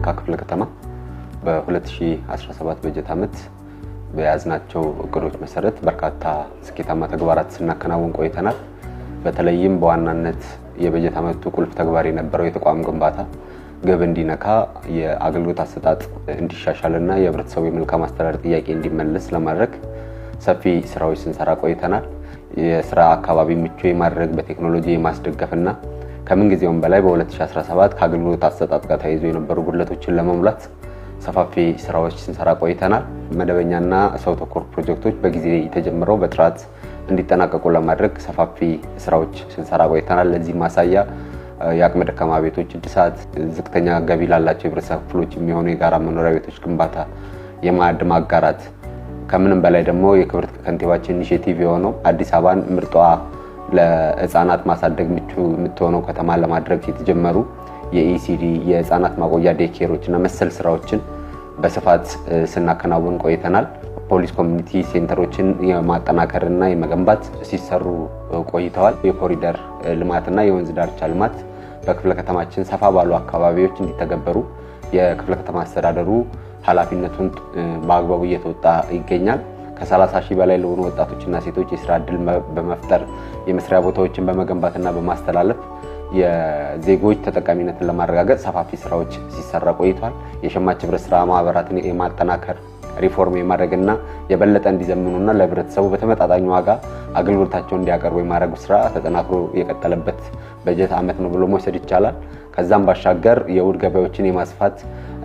የካ ክፍለ ከተማ በ2017 በጀት ዓመት በያዝናቸው እቅዶች መሰረት በርካታ ስኬታማ ተግባራት ስናከናውን ቆይተናል። በተለይም በዋናነት የበጀት ዓመቱ ቁልፍ ተግባር የነበረው የተቋም ግንባታ ግብ እንዲነካ የአገልግሎት አሰጣጥ እንዲሻሻልና የህብረተሰቡ የመልካም አስተዳደር ጥያቄ እንዲመለስ ለማድረግ ሰፊ ስራዎች ስንሰራ ቆይተናል። የስራ አካባቢ ምቹ የማድረግ በቴክኖሎጂ የማስደገፍና ከምንጊዜውም በላይ በ2017 ከአገልግሎት አሰጣጥ ጋር ተያይዞ የነበሩ ጉድለቶችን ለመሙላት ሰፋፊ ስራዎች ስንሰራ ቆይተናል። መደበኛና ሰው ተኮር ፕሮጀክቶች በጊዜ ተጀምረው በጥራት እንዲጠናቀቁ ለማድረግ ሰፋፊ ስራዎች ስንሰራ ቆይተናል። ለዚህ ማሳያ የአቅመ ደካማ ቤቶች እድሳት፣ ዝቅተኛ ገቢ ላላቸው የህብረተሰብ ክፍሎች የሚሆኑ የጋራ መኖሪያ ቤቶች ግንባታ፣ የማዕድ ማጋራት ከምንም በላይ ደግሞ የክብርት ከንቲባችን ኢኒሽቲቭ የሆነው አዲስ አበባን ምርጧ ለህፃናት ማሳደግ ምቹ የምትሆነው ከተማ ለማድረግ የተጀመሩ የኢሲዲ የህፃናት ማቆያ ዴኬሮች እና መሰል ስራዎችን በስፋት ስናከናውን ቆይተናል። ፖሊስ ኮሚኒቲ ሴንተሮችን የማጠናከርና የመገንባት ሲሰሩ ቆይተዋል። የኮሪደር ልማትና የወንዝ ዳርቻ ልማት በክፍለ ከተማችን ሰፋ ባሉ አካባቢዎች እንዲተገበሩ የክፍለ ከተማ አስተዳደሩ ኃላፊነቱን በአግባቡ እየተወጣ ይገኛል። ከ30 ሺህ በላይ ለሆኑ ወጣቶችና ሴቶች የስራ እድል በመፍጠር የመስሪያ ቦታዎችን በመገንባትና በማስተላለፍ የዜጎች ተጠቃሚነትን ለማረጋገጥ ሰፋፊ ስራዎች ሲሰራ ቆይቷል። የሸማች ህብረት ስራ ማህበራትን የማጠናከር ሪፎርም የማድረግና የበለጠ እንዲዘምኑና ለህብረተሰቡ በተመጣጣኝ ዋጋ አገልግሎታቸውን እንዲያቀርቡ የማድረጉ ስራ ተጠናክሮ የቀጠለበት በጀት ዓመት ነው ብሎ መውሰድ ይቻላል። ከዛም ባሻገር የውድ ገበያዎችን የማስፋት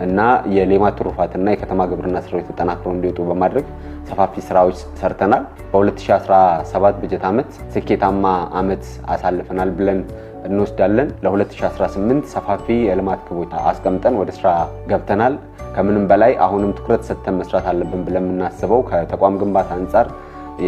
እና የሌማት ትሩፋትና የከተማ ግብርና ስራዎች ተጠናክሮ እንዲወጡ በማድረግ ሰፋፊ ስራዎች ሰርተናል። በ2017 በጀት ዓመት ስኬታማ ዓመት አሳልፈናል ብለን እንወስዳለን። ለ2018 ሰፋፊ የልማት ግቦች አስቀምጠን ወደ ስራ ገብተናል። ከምንም በላይ አሁንም ትኩረት ሰጥተን መስራት አለብን ብለን የምናስበው ከተቋም ግንባታ አንጻር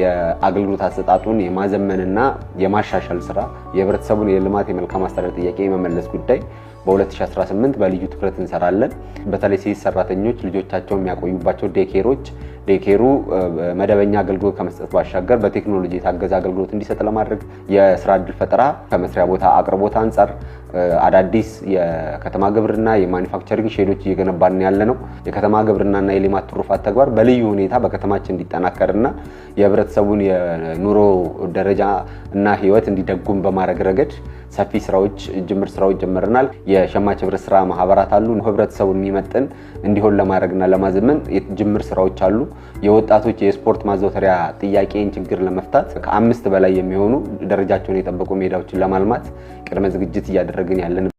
የአገልግሎት አሰጣጡን የማዘመንና የማሻሻል ስራ የህብረተሰቡን የልማት የመልካም አስተዳደር ጥያቄ የመመለስ ጉዳይ በ2018 በልዩ ትኩረት እንሰራለን። በተለይ ሴት ሰራተኞች ልጆቻቸውን የሚያቆዩባቸው ዴኬሮች ዴኬሩ መደበኛ አገልግሎት ከመስጠት ባሻገር በቴክኖሎጂ የታገዘ አገልግሎት እንዲሰጥ ለማድረግ የስራ እድል ፈጠራ ከመስሪያ ቦታ አቅርቦት አንጻር አዳዲስ የከተማ ግብርና የማኒፋክቸሪንግ ሼዶች እየገነባን ያለ ነው። የከተማ ግብርናና የሌማት ትሩፋት ተግባር በልዩ ሁኔታ በከተማችን እንዲጠናከርና የህብረተሰቡን የኑሮ ደረጃ እና ህይወት እንዲደጉም በማድረግ ረገድ ሰፊ ስራዎች ጅምር ስራዎች ጀምረናል። የሸማች ህብረት ስራ ማህበራት አሉ። ህብረተሰቡን የሚመጥን እንዲሆን ለማድረግና ለማዘመን ጅምር ስራዎች አሉ። የወጣቶች የስፖርት ማዘውተሪያ ጥያቄን ችግር ለመፍታት ከአምስት በላይ የሚሆኑ ደረጃቸውን የጠበቁ ሜዳዎችን ለማልማት ቅድመ ዝግጅት እያደረግን ያለን